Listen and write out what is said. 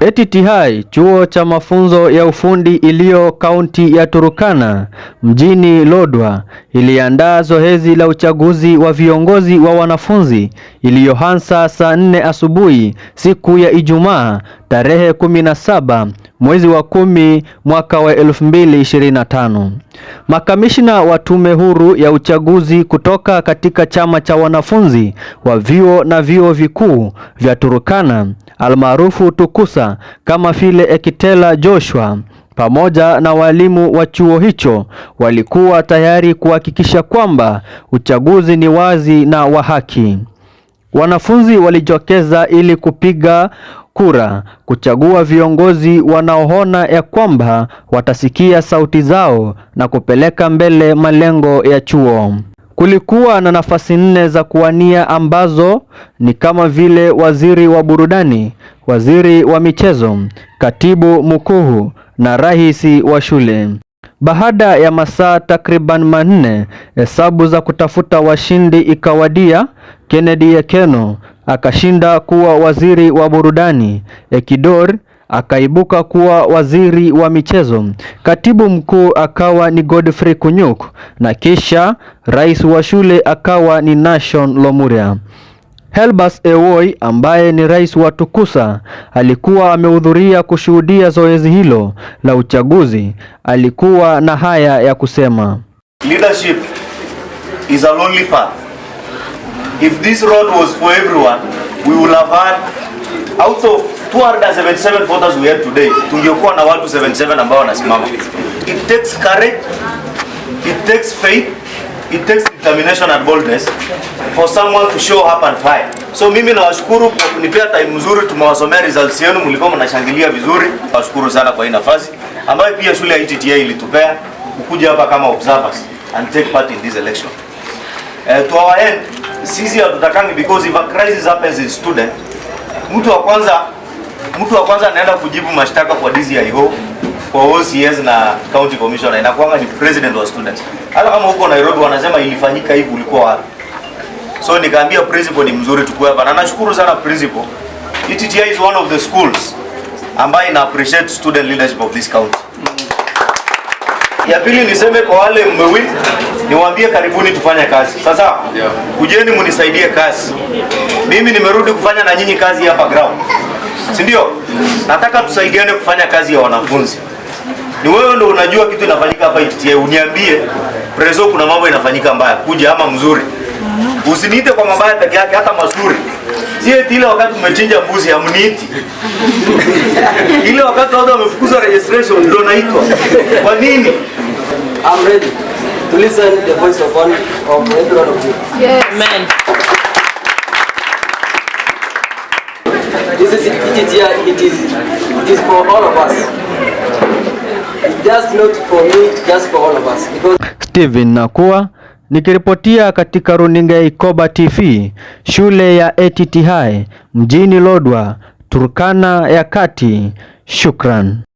ETTI chuo cha mafunzo ya ufundi iliyo kaunti ya Turukana mjini Lodwar iliandaa zoezi la uchaguzi wa viongozi wa wanafunzi iliyoanza saa nne asubuhi siku ya Ijumaa tarehe 17 mwezi wa kumi mwaka wa 2025. Makamishna wa Tume Huru ya Uchaguzi kutoka katika chama cha wanafunzi wa vyuo na vyuo vikuu vya turukana almaarufu Tukusa kama vile Ekitela Joshua pamoja na walimu wa chuo hicho walikuwa tayari kuhakikisha kwamba uchaguzi ni wazi na wa haki. Wanafunzi walijitokeza ili kupiga kura kuchagua viongozi wanaoona ya kwamba watasikia sauti zao na kupeleka mbele malengo ya chuo. Kulikuwa na nafasi nne za kuwania ambazo ni kama vile waziri wa burudani, waziri wa michezo, katibu mkuu na rais wa shule. Baada ya masaa takriban manne, hesabu za kutafuta washindi ikawadia. Kennedy Ekeno akashinda kuwa waziri wa burudani. Ekidor akaibuka kuwa waziri wa michezo. Katibu mkuu akawa ni Godfrey Kunyuk na kisha rais wa shule akawa ni Nation Lomuria. Helbas Ewoi ambaye ni rais wa Tukusa alikuwa amehudhuria kushuhudia zoezi hilo la uchaguzi. Alikuwa na haya ya kusema: Leadership is a lonely path. If this road was for everyone, we would have had out of 277 voters we had today, tungekuwa na watu 77 ambao wanasimama. It takes courage, it takes faith, it takes determination and boldness for someone to show up and fight. So mimi nawashukuru kwa kunipea time nzuri, tumewasomea results yenu, mlikuwa mnashangilia vizuri. Nawashukuru sana kwa hii nafasi ambayo pia shule ya ITTA ilitupea kukuja hapa kama observers and take part in this election uh, to our end sisi hatutakangi because if a crisis happens in student, mtu wa kwanza mtu wa kwanza anaenda kujibu mashtaka kwa DCIO kwa OCS na county commission commissioner, inakuanga ni president wa students. Hata kama huko Nairobi wanasema ilifanyika hivi, ulikuwa wapi? So nikaambia principal ni mzuri tukue hapa, na nashukuru sana principal. ETTI is one of the schools ambayo ina appreciate student leadership of this county. Ya pili niseme kwa wale mmewin niwaambie karibuni tufanye kazi sasa. Kujeni mnisaidie kazi, mimi nimerudi kufanya na nyinyi kazi hapa ground, si ndio? Nataka tusaidiane kufanya kazi ya wanafunzi. Ni wewe ndio unajua kitu inafanyika hapa ITI, uniambie Prezo, kuna mambo inafanyika mbaya, kuja ama mzuri. Usiniite kwa mabaya peke yake, hata mazuri Sieti ile wakati umechinja mbuzi hamniiti. Ile wakati watu wamefukuza registration ndio naitwa. Kwa nini? I'm ready to listen the voice of one of every one of you. Yes. Amen. This is it, it, is here, it is it is for all of us. It's just not for me, it's just for all of us. Because... Steven Nakua nikiripotia katika runinga ya Ikoba TV shule ya ATT High mjini Lodwar, Turkana ya Kati. Shukran.